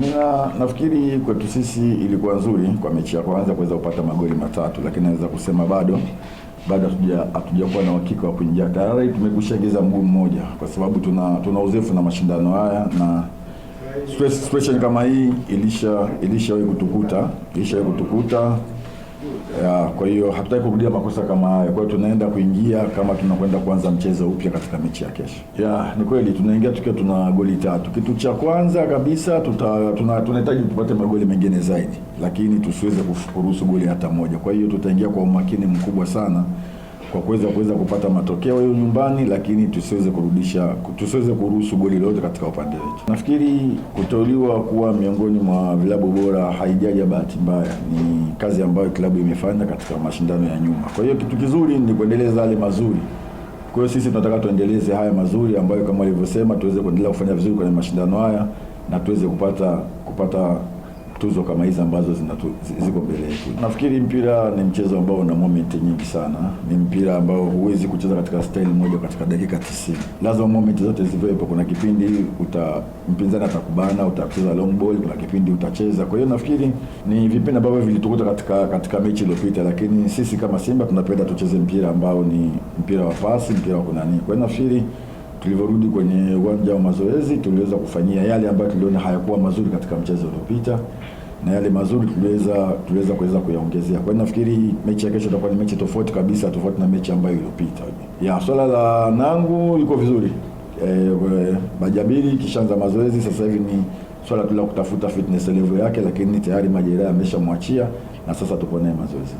mina nafikiri kwetu sisi ilikuwa nzuri kwa mechi ya kwanza kuweza kupata magoli matatu, lakini naweza kusema bado bado hatujakuwa na uhakika wa kuingia. Tayari tumekushaingiza mguu mmoja, kwa sababu tuna tuna uzoefu na mashindano haya na situation kama hii ilisha ilishawahi kutukuta ilishawahi kutukuta ya, kwa hiyo hatutaki kurudia makosa kama hayo. Kwa hiyo tunaenda kuingia kama tunakwenda kuanza mchezo upya katika mechi ya kesho. Ya, ni kweli tunaingia tukiwa tuna goli tatu. Kitu cha kwanza kabisa tuta, tuna, tunahitaji tupate magoli mengine zaidi, lakini tusiweze kuruhusu goli hata moja. Kwa hiyo tutaingia kwa umakini mkubwa sana kwa kuweza kuweza kupata matokeo hiyo nyumbani, lakini tusiweze kurudisha tusiweze kuruhusu goli lolote katika upande wetu. Nafikiri kuteuliwa kuwa miongoni mwa vilabu bora haijaja bahati mbaya, ni kazi ambayo klabu imefanya katika mashindano ya nyuma. Kwa hiyo kitu kizuri ni kuendeleza yale mazuri. Kwa hiyo sisi tunataka tuendeleze haya mazuri ambayo kama alivyosema tuweze kuendelea kufanya vizuri kwenye mashindano haya na tuweze kupata kupata tuzo kama hizi ambazo zinatu, ziko mbele yetu. Nafikiri mpira ni mchezo ambao una moment nyingi sana, ni mpira ambao huwezi kucheza katika style moja katika dakika 90. Lazima moment zote ziwepo. Kuna kipindi uta mpinzani atakubana, utacheza long ball, kuna kipindi utacheza. Kwa hiyo nafikiri ni vipindi ambavyo vilitukuta katika katika mechi iliyopita, lakini sisi kama Simba tunapenda tucheze mpira ambao ni mpira wa pasi, mpira wa kunani. Kwa hiyo nafikiri Tulivyorudi kwenye uwanja wa mazoezi, tuliweza kufanyia yale ambayo tuliona hayakuwa mazuri katika mchezo uliopita na yale mazuri tuliweza tuliweza kuweza kuyaongezea. Kwa hiyo nafikiri mechi ya kesho itakuwa ni mechi tofauti kabisa, tofauti na mechi ambayo iliyopita. Ya swala la nangu liko vizuri e, eh, Bajabiri kishaanza mazoezi sasa hivi ni swala tu la kutafuta fitness level yake, lakini tayari majeraha yameshamwachia na sasa tupo naye mazoezi.